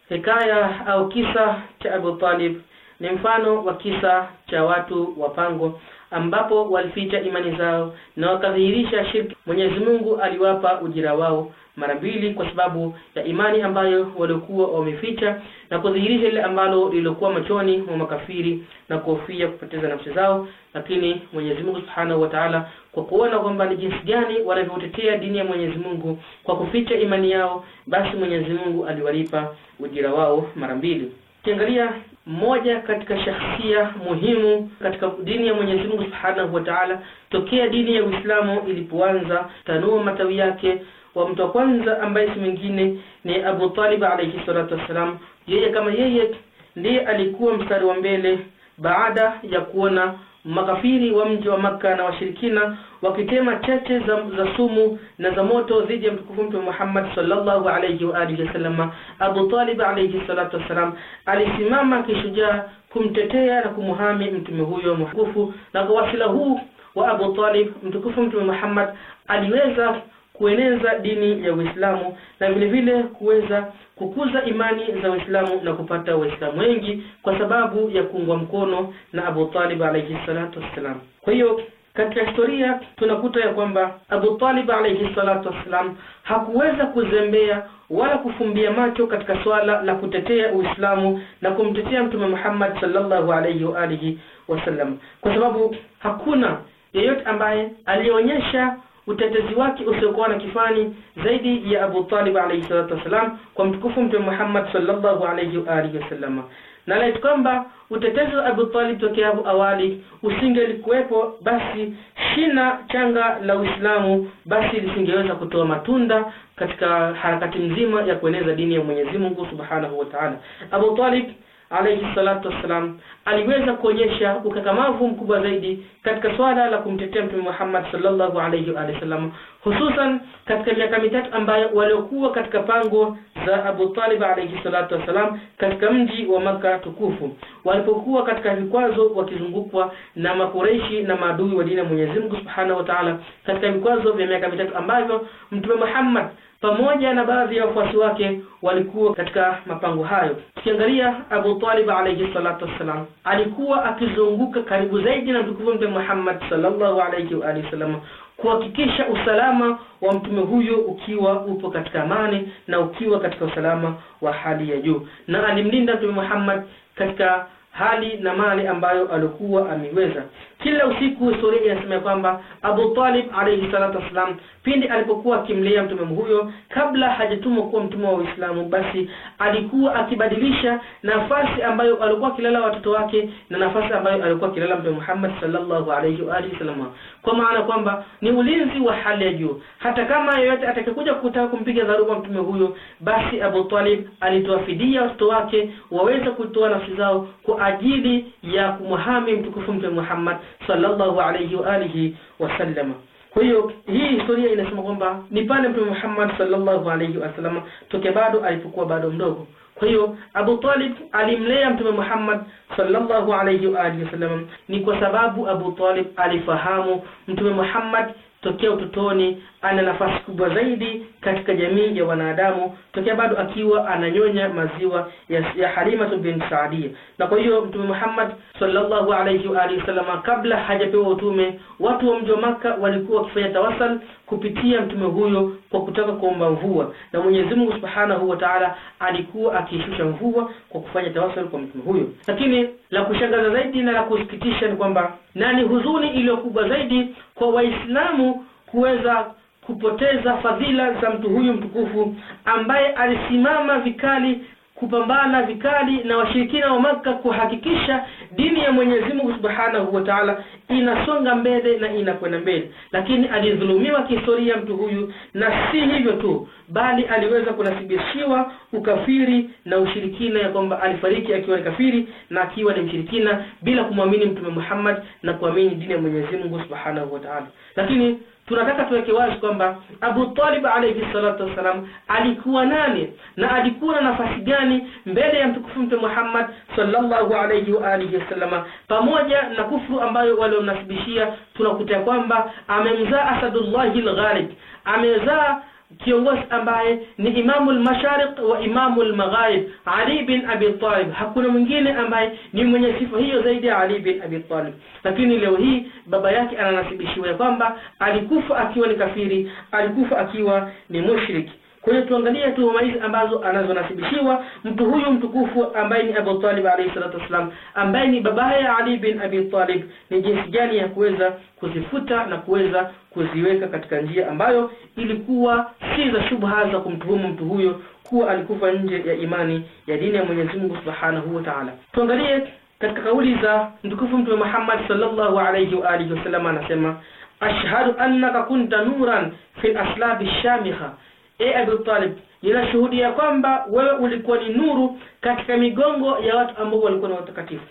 hikaya au kisa cha Abu Talib ni mfano wa kisa cha watu wapango ambapo walificha imani zao na wakadhihirisha shirki. Mwenyezi Mungu aliwapa ujira wao mara mbili kwa sababu ya imani ambayo walikuwa wameficha na kudhihirisha lile ambalo lilikuwa machoni mwa makafiri na kuhofia kupoteza nafsi zao. Lakini Mwenyezi Mungu Subhanahu wa Ta'ala, kwa kuona kwamba ni jinsi gani wanavyotetea dini ya Mwenyezi Mungu kwa kuficha imani yao, basi Mwenyezi Mungu aliwalipa ujira wao mara mbili. Ukiangalia moja katika shakhsia muhimu katika dini ya Mwenyezi Mungu Subhanahu wa Ta'ala. Tokea dini ya Uislamu ilipoanza tanua matawi yake, wa mtu wa kwanza ambaye si mwingine ni Abu Talib alayhi salatu wasalam. Yeye kama yeye ndiye alikuwa mstari wa mbele baada ya kuona makafiri wa mji wa Makka na washirikina wakitema chache za, za sumu na za moto dhidi ya mtukufu Mtume Muhammad sallallahu alayhi wa alihi wasallam. Abu Talib alayhi salatu wasalam alisimama kishujaa kumtetea na kumuhami mtume huyo mtukufu, na kwa wasila huu wa Abu Talib mtukufu Mtume Muhammad aliweza kueneza dini ya Uislamu na vile vile kuweza kukuza imani za Waislamu na kupata Waislamu wengi kwa sababu ya kuungwa mkono na Abu Talib alayhi salatu wassalam. Kwa hiyo katika historia tunakuta ya kwamba Abu Talib alayhi salatu wassalam hakuweza kuzembea wala kufumbia macho katika swala la kutetea Uislamu na kumtetea Mtume Muhammad sallallahu alayhi wa alihi wasallam, kwa sababu hakuna yeyote ambaye alionyesha utetezi wake usiokuwa na kifani zaidi ya Abu Talib alayhi salatu wasalam kwa mtukufu Mtume Muhammad sallallahu alayhi wa alihi wasallam, na laiti kwamba utetezi wa Abu Talib tokea hapo awali usingelikuwepo, basi shina changa la Uislamu basi lisingeweza kutoa matunda katika harakati nzima ya kueneza dini ya Mwenyezi Mungu subhanahu wa ta'ala. Abu Talib alayhi salatu wassalam aliweza kuonyesha ukakamavu mkubwa zaidi katika swala la kumtetea Mtume Muhammad sallallahu alayhi wa sallam, hususan katika miaka mitatu ambayo waliokuwa katika pango za Abu Talib alayhi salatu wassalam katika mji wa Maka tukufu, walipokuwa katika vikwazo wakizungukwa na makureishi na maadui wa dini ya Mwenyezi Mungu subhanahu wa taala, katika vikwazo vya miaka mitatu ambavyo Mtume Muhammad pamoja na baadhi ya wafuasi wake walikuwa katika mapango hayo. Tukiangalia, Abu Talib alayhi salatu wassalam alikuwa akizunguka karibu zaidi na mtukufu Mtume Muhammad sallallahu alayhi wa alihi wasallam kuhakikisha usalama wa mtume huyo ukiwa upo katika amani na ukiwa katika usalama wa hali ya juu, na alimlinda Mtume Muhammad katika hali na mali ambayo alikuwa ameweza. Kila usiku historia inasema kwamba Abu Talib alayhi salatu wasalam pindi alipokuwa akimlea mtume huyo kabla hajatumwa kuwa mtume wa Uislamu, basi alikuwa akibadilisha nafasi ambayo alikuwa akilala watoto wake na nafasi ambayo alikuwa akilala mtume Muhammad sallallahu alayhi wa alihi wasallam, kwa maana kwamba ni ulinzi wa hali ya juu. Hata kama yeyote atakayokuja kutaka kumpiga dharuba mtume huyo, basi Abu Talib alitoa fidia watoto wake waweze kutoa nafsi zao kwa ajili ya kumhami mtukufu mtume Muhammad sallallahu alayhi wa alihi wasallam. Kwa hiyo hii historia inasema kwamba ni pale Mtume Muhammad sallallahu alayhi wasallam toke bado alipokuwa bado mdogo. Kwa hiyo Abu Talib alimlea Mtume Muhammad sallallahu alayhi wa alihi wasallam, ni kwa sababu Abu Talib alifahamu Mtume Muhammad tokea utotoni ana nafasi kubwa zaidi katika jamii ya wanadamu tokea bado akiwa ananyonya maziwa ya, ya Halima bin Saadia. Na kwa hiyo Mtume Muhammad sallallahu alayhi wa alihi wasallam, kabla hajapewa utume, watu wa mji wa Maka walikuwa wakifanya tawassul kupitia mtume huyo kwa kutaka kuomba mvua, na Mwenyezi Mungu Subhanahu wa Ta'ala alikuwa akishusha mvua kwa kufanya tawassul kwa mtume huyo. Lakini la kushangaza zaidi na la kusikitisha ni kwamba, na ni huzuni iliyo kubwa zaidi kwa Waislamu kuweza kupoteza fadhila za mtu huyu mtukufu ambaye alisimama vikali kupambana vikali na washirikina wa Makka kuhakikisha dini ya Mwenyezi Mungu Subhanahu wa Ta'ala inasonga mbele na inakwenda mbele, lakini alidhulumiwa kihistoria mtu huyu, na si hivyo tu, bali aliweza kunasibishiwa ukafiri na ushirikina, ya kwamba alifariki akiwa ni kafiri na akiwa ni mshirikina bila kumwamini Mtume Muhammad na kuamini dini ya Mwenyezi Mungu Subhanahu wa Ta'ala, lakini tunataka tuweke wazi kwamba Abu Talib alayhi salatu wassalam alikuwa nani na alikuwa na nafasi gani mbele ya mtukufu Mtume Muhammad sallallahu alayhi wa alihi wasallam Pamoja na kufuru ambayo wanasibishia tunakuta kwamba amemzaa Asadullahil ghalib amezaa kiongozi ambaye ni imamu al-mashariq wa imamu al-magharib Ali bin Abi Talib. Hakuna mwingine ambaye ni mwenye sifa hiyo zaidi ya Ali bin Abi Talib, lakini leo hii baba yake ananasibishiwa kwamba alikufa akiwa ni kafiri, alikufa akiwa ni mushriki. Kwa hiyo tuangalie tuhuma hizi ambazo anazonasibishiwa mtu huyu mtukufu ambaye ni Abu Talib alayhi salatu wassalam, ambaye ni babaya Ali bin Abi Talib, ni jinsi gani ya kuweza kuzifuta na kuweza kuziweka katika njia ambayo ilikuwa si za shubha za kumtuhumu mtu huyo kuwa alikufa nje ya imani ya dini ya Mwenyezi Mungu Subhanahu wa Ta'ala. Tuangalie katika kauli za mtukufu Mtume Muhammad sallallahu alayhi wa alihi wasallam, anasema ashhadu annaka kunta nuran fi aslabi shamikha e eh, Abu Talib, ninashuhudia kwamba wewe ulikuwa ni nuru katika migongo ya watu ambao walikuwa na watakatifu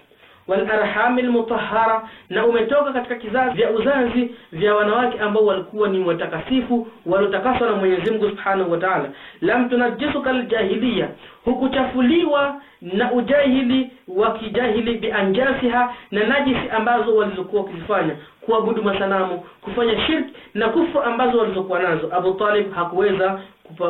wal arhamil na umetoka katika kizazi vya uzazi vya wanawake ambao walikuwa ni watakasifu waliotakaswa na Mwenyezi Mungu Subhanahu wa Ta'ala. Lam tunajisuka aljahiliya, hukuchafuliwa na ujahili wa kijahili bianjasiha, na najisi ambazo walizokuwa wakizifanya kuabudu masanamu, kufanya shirk na kufru ambazo walizokuwa nazo. Abu Talib hakuweza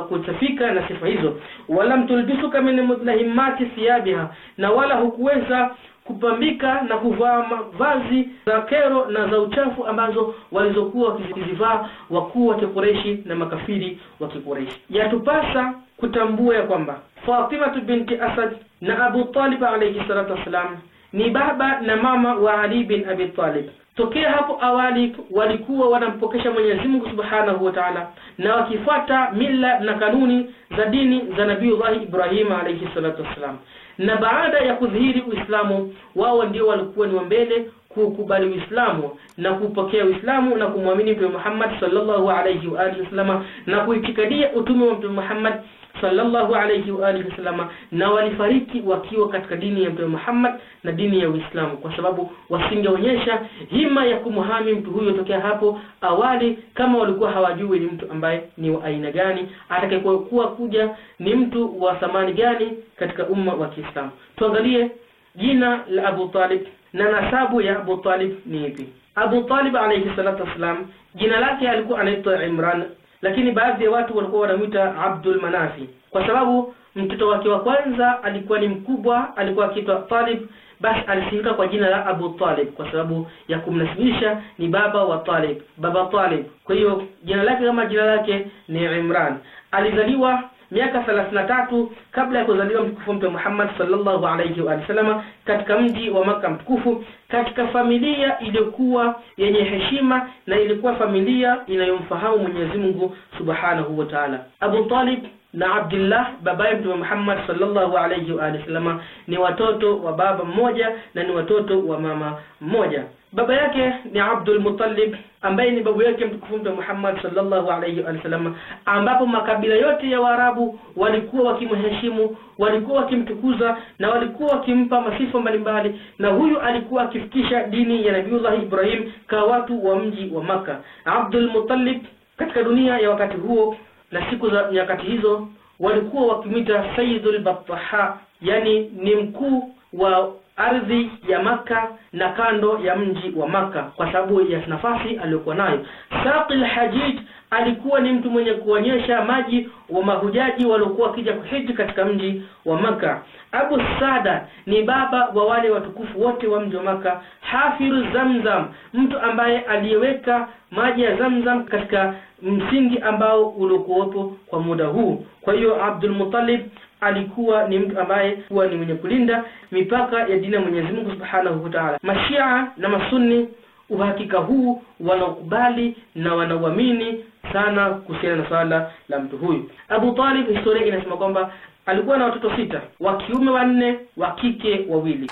kutafika na sifa hizo. Walam tulbisuka min mudlahimati thiyabiha, na wala hukuweza kupambika na kuvaa mavazi za kero na za uchafu ambazo walizokuwa wakizivaa wakuu wa Kikureshi na makafiri wa Kikureshi. Yatupasa kutambua ya kwamba Fatima binti Asad na Abu Talib alayhi salatu wassalam ni baba na mama wa Ali bin Abi Talib. Tokea hapo awali walikuwa wanampokesha Mwenyezi Mungu Subhanahu wa Ta'ala na wakifuata mila na kanuni za dini za Nabiiullah Ibrahim alayhi salatu wassalam na baada ya kudhihiri Uislamu wao ndio walikuwa ni wa mbele kukubali Uislamu na kupokea Uislamu na kumwamini Mtume Muhammad sallallahu alayhi wa alihi wasallam na kuitikadia utume wa Mtume Muhammad sallallahu alayhi wa alihi wasallam na walifariki wakiwa katika dini ya Mtume Muhammad na dini ya Uislamu, kwa sababu wasingeonyesha hima ya kumhami mtu huyo tokea hapo awali, kama walikuwa hawajui ni mtu ambaye ni wa aina gani, atakayekuwa kuja ni mtu wa thamani gani katika umma wa Kiislamu. Tuangalie jina la Abu Talib na nasabu ya Abu Talib ni ipi? Abu Talib alayhi salatu wassalam, jina lake alikuwa anaitwa Imran lakini baadhi ya watu walikuwa wanamwita Abdul Manafi kwa sababu mtoto wake wa kwanza alikuwa ni mkubwa, alikuwa akiitwa Talib, basi alisimika kwa jina la Abu Talib kwa sababu ya kumnasibisha ni baba wa Talib, baba Talib. Kwa hiyo jina lake kama jina lake ni Imran. Alizaliwa miaka 33 kabla ya kuzaliwa mtukufu Mtume Muhammad sallallahu alayhi wa sallam katika mji wa Maka mtukufu katika familia iliyokuwa yenye heshima na ilikuwa familia inayomfahamu Mwenyezi Mungu Subhanahu wa Ta'ala. Abu Talib na Abdullah babaye Mtume Muhammad sallallahu alayhi wa sallam ni watoto wa baba mmoja na ni watoto wa mama mmoja baba yake ni Abdul Muttalib ambaye ni babu yake mtukufu Mtume Muhammad sallallahu alaihi wasallam, ambapo makabila yote ya Waarabu walikuwa wakimheshimu, walikuwa wakimtukuza na walikuwa wakimpa masifa mbalimbali, na huyu alikuwa akifikisha dini ya nabiullahi Ibrahim kwa watu wa mji wa Maka. Abdul Muttalib katika dunia ya wakati huo na siku za nyakati hizo walikuwa wakimwita Sayyidul Bataha, yani ni mkuu wa ardhi ya Maka na kando ya mji wa Maka kwa sababu ya nafasi aliyokuwa nayo. Saqil Hajij alikuwa ni mtu mwenye kuonyesha maji wa mahujaji waliokuwa wakija kuhiji katika mji wa Maka. Abu Sada ni baba wa wale watukufu wote wa mji wa Maka. Hafiru Zamzam, mtu ambaye aliyeweka maji ya Zamzam katika msingi ambao uliokuwepo kwa muda huu. Kwa hiyo Abdul Muttalib alikuwa ni mtu ambaye huwa ni mwenye kulinda mipaka ya dini ya Mwenyezi Mungu Subhanahu wa Ta'ala. Mashia na Masunni uhakika huu wanaokubali na wanauamini sana kuhusiana na swala la mtu huyu. Abu Talib, historia inasema kwamba alikuwa na watoto sita, wa kiume wanne, wa kike wawili.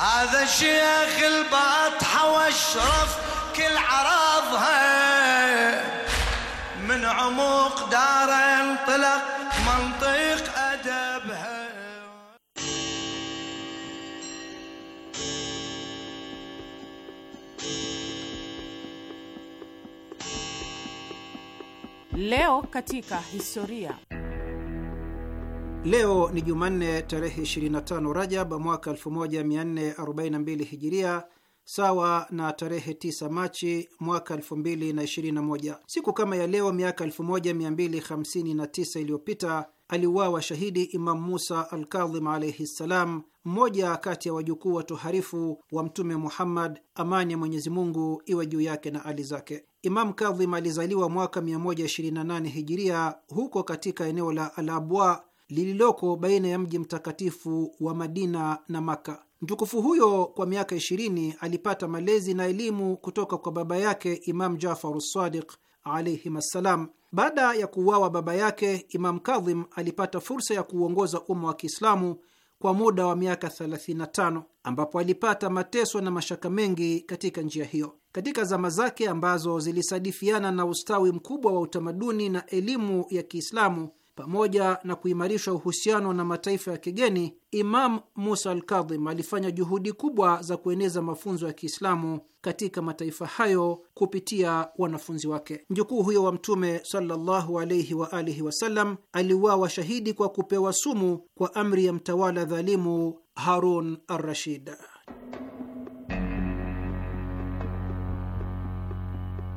hadha shaykh al-batha wa ashraf kil aradha min umuq dara intilaq Leo katika historia. Leo ni Jumanne tarehe 25 Rajab mwaka 1442 Hijiria, sawa na tarehe 9 Machi mwaka 2021. Siku kama ya leo miaka 1259 iliyopita aliuawa shahidi Imam Musa Alkadhim alaihi ssalam mmoja kati ya wajukuu watoharifu wa Mtume Muhammad, amani ya Mwenyezi Mungu iwe juu yake na ali zake. Imam Kadhim alizaliwa mwaka 128 hijiria huko katika eneo la Alabwa lililoko baina ya mji mtakatifu wa Madina na Maka. Mtukufu huyo kwa miaka 20 alipata malezi na elimu kutoka kwa baba yake Imam Jafar Sadiq alaihim assalam. Baada ya kuuawa baba yake, Imam Kadhim alipata fursa ya kuuongoza umma wa Kiislamu kwa muda wa miaka 35 ambapo alipata mateso na mashaka mengi katika njia hiyo. Katika zama zake ambazo zilisadifiana na ustawi mkubwa wa utamaduni na elimu ya Kiislamu, pamoja na kuimarisha uhusiano na mataifa ya kigeni, Imam Musa al-Kadhim alifanya juhudi kubwa za kueneza mafunzo ya Kiislamu katika mataifa hayo kupitia wanafunzi wake. Mjukuu huyo wa Mtume sallallahu alayhi wa alihi wasallam aliuawa shahidi kwa kupewa sumu kwa amri ya mtawala dhalimu Harun arrashid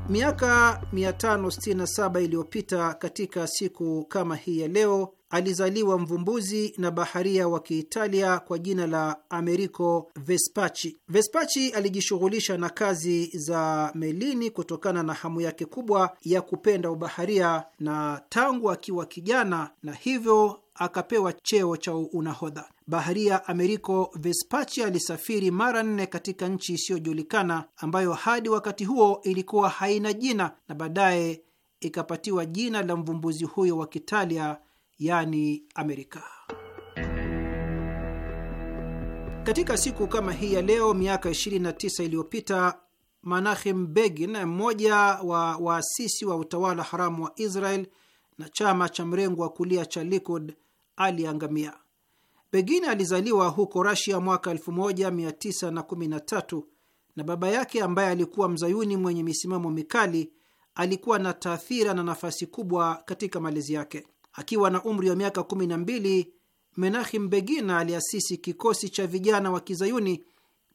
Miaka 567 iliyopita katika siku kama hii ya leo alizaliwa mvumbuzi na baharia wa Kiitalia kwa jina la Americo Vespachi. Vespachi alijishughulisha na kazi za melini kutokana na hamu yake kubwa ya kupenda ubaharia na tangu akiwa kijana, na hivyo akapewa cheo cha unahodha. Baharia Americo Vespachi alisafiri mara nne katika nchi isiyojulikana ambayo hadi wakati huo ilikuwa haina jina na baadaye ikapatiwa jina la mvumbuzi huyo wa Kitalia, yani Amerika. Katika siku kama hii ya leo miaka 29 iliyopita Menachem Begin, mmoja wa waasisi wa utawala haramu wa Israel na chama cha mrengo wa kulia cha Likud aliangamia. Begin alizaliwa huko Rasia mwaka 1913 na baba yake ambaye alikuwa mzayuni mwenye misimamo mikali alikuwa na taathira na nafasi kubwa katika malezi yake. Akiwa na umri wa miaka 12, Menahim Begin aliasisi kikosi cha vijana wa kizayuni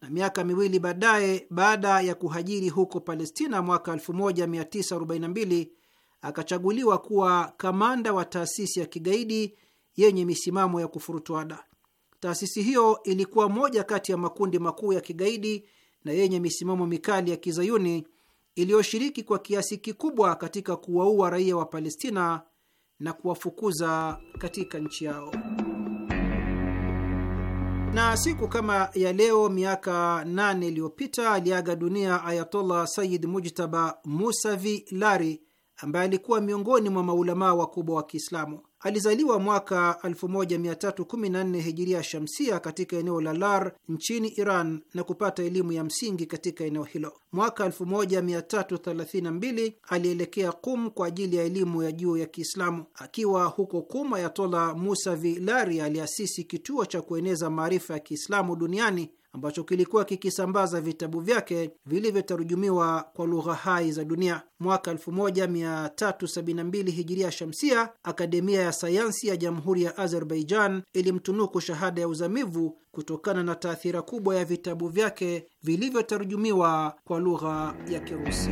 na miaka miwili baadaye, baada ya kuhajiri huko Palestina mwaka 1942, akachaguliwa kuwa kamanda wa taasisi ya kigaidi yenye misimamo ya kufurutuada. Taasisi hiyo ilikuwa moja kati ya makundi makuu ya kigaidi na yenye misimamo mikali ya kizayuni iliyoshiriki kwa kiasi kikubwa katika kuwaua raia wa Palestina na kuwafukuza katika nchi yao. Na siku kama ya leo miaka nane iliyopita aliaga dunia Ayatollah Sayid Mujtaba Musavi Lari ambaye alikuwa miongoni mwa maulamaa wakubwa wa Kiislamu. Alizaliwa mwaka 1314 hijiria shamsia katika eneo la Lar nchini Iran na kupata elimu ya msingi katika eneo hilo. Mwaka 1332 alielekea Kum kwa ajili ya elimu ya juu ya Kiislamu. Akiwa huko Kum, Ayatola Musavi Lari aliasisi kituo cha kueneza maarifa ya Kiislamu duniani ambacho kilikuwa kikisambaza vitabu vyake vilivyotarujumiwa kwa lugha hai za dunia. Mwaka 1372 hijiria shamsia, akademia ya sayansi ya jamhuri ya Azerbaijan ilimtunuku shahada ya uzamivu kutokana na taathira kubwa ya vitabu vyake vilivyotarujumiwa kwa lugha ya Kirusi.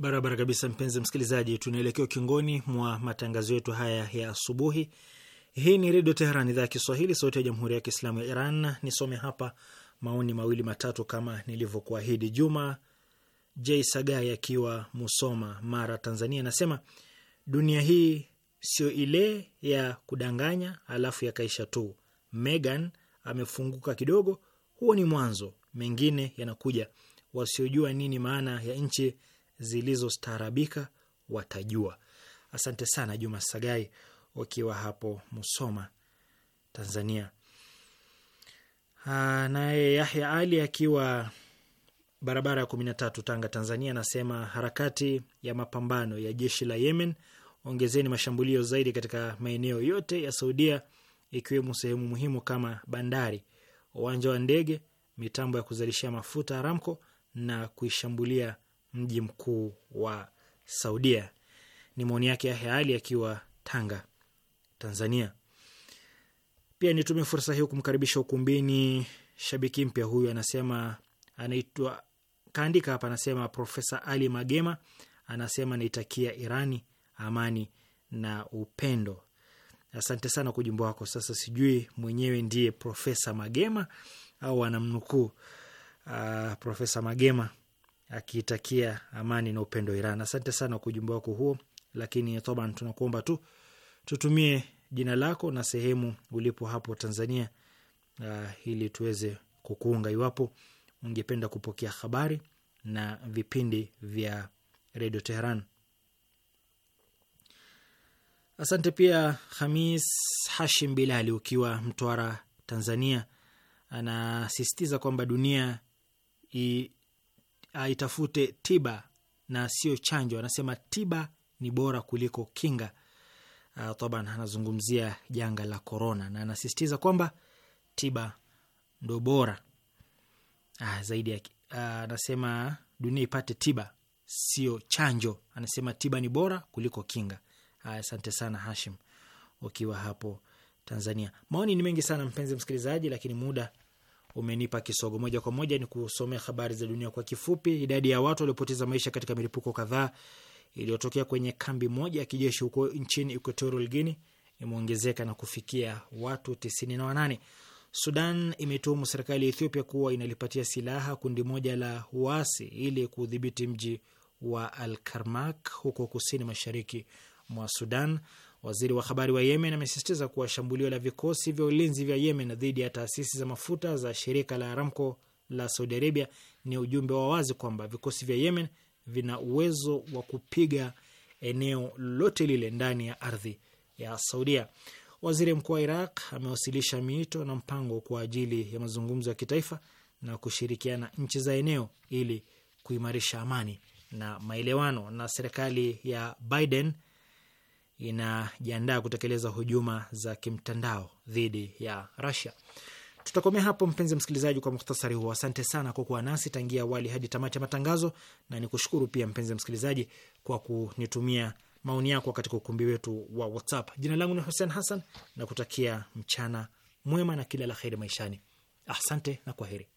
Barabara kabisa, mpenzi msikilizaji, tunaelekea ukingoni mwa matangazo yetu haya ya asubuhi. Hii ni Redio Teheran, idhaa ya Kiswahili, sauti ya Jamhuri ya Kiislamu ya Iran. Nisome hapa maoni mawili matatu kama nilivyokuahidi. Juma J Sagai akiwa Musoma, Mara, Tanzania, anasema dunia hii sio ile ya kudanganya alafu yakaisha tu. Megan amefunguka kidogo, huo ni mwanzo, mengine yanakuja. Wasiojua nini maana ya nchi zilizostaarabika watajua. Asante sana Juma Sagai wakiwa hapo Musoma, Tanzania. Ah, naye Yahya Ali akiwa barabara ya kumi na tatu Tanga, Tanzania, anasema harakati ya mapambano ya jeshi la Yemen, ongezeni mashambulio zaidi katika maeneo yote ya Saudia, ikiwemo sehemu muhimu kama bandari, uwanja wa ndege, mitambo ya kuzalishia mafuta Aramco na kuishambulia mji mkuu wa Saudia. Ni maoni yake Yahya Ali akiwa Tanga, Tanzania. Pia nitumie fursa hiyo kumkaribisha ukumbini shabiki mpya huyu, anasema anaitwa kaandika hapa, anasema Profesa Ali Magema anasema naitakia Irani amani na upendo. Asante sana kwa ujumbe wako. Sasa sijui mwenyewe ndiye Profesa Magema au anamnukuu uh, Profesa Magema akiitakia amani na upendo Iran. Asante sana kwa ujumbe wako huo, lakini toba tunakuomba tu tutumie jina lako na sehemu ulipo hapo Tanzania, uh, ili tuweze kukuunga iwapo ungependa kupokea habari na vipindi vya redio Teheran. Asante pia Hamis Hashim Bilali ukiwa Mtwara, Tanzania, anasisitiza kwamba dunia i aitafute itafute tiba na sio chanjo. Anasema tiba ni bora kuliko kinga. Uh, ah, taban anazungumzia janga la korona na anasisitiza kwamba tiba ndo bora ah, zaidi ya ah, anasema dunia ipate tiba sio chanjo. Anasema tiba ni bora kuliko kinga. Asante sana Hashim, ukiwa hapo Tanzania. Maoni ni mengi sana mpenzi msikilizaji, lakini muda umenipa kisogo. Moja kwa moja ni kusomea habari za dunia kwa kifupi. Idadi ya watu waliopoteza maisha katika milipuko kadhaa iliyotokea kwenye kambi moja ya kijeshi huko nchini Equatorial Guinea imeongezeka na kufikia watu 98. Sudan imetuhumu serikali ya Ethiopia kuwa inalipatia silaha kundi moja la uasi ili kudhibiti mji wa Al Karmak huko kusini mashariki mwa Sudan. Waziri wa habari wa Yemen amesisitiza kuwa shambulio la vikosi vya ulinzi vya Yemen dhidi ya taasisi za mafuta za shirika la Aramco la Saudi Arabia ni ujumbe wa wazi kwamba vikosi vya Yemen vina uwezo wa kupiga eneo lolote lile ndani ya ardhi ya Saudia. Waziri mkuu wa Iraq amewasilisha miito na mpango kwa ajili ya mazungumzo ya kitaifa na kushirikiana nchi za eneo ili kuimarisha amani na maelewano. Na serikali ya Biden inajiandaa kutekeleza hujuma za kimtandao dhidi ya Russia. Tutakomea hapo mpenzi msikilizaji, kwa muhtasari huo. Asante sana kwa kuwa nasi tangia awali hadi tamati ya matangazo, na nikushukuru pia mpenzi msikilizaji kwa kunitumia maoni yako katika ukumbi wetu wa WhatsApp. Jina langu ni Hussein Hassan na kutakia mchana mwema na kila la heri maishani. Asante na kwaheri.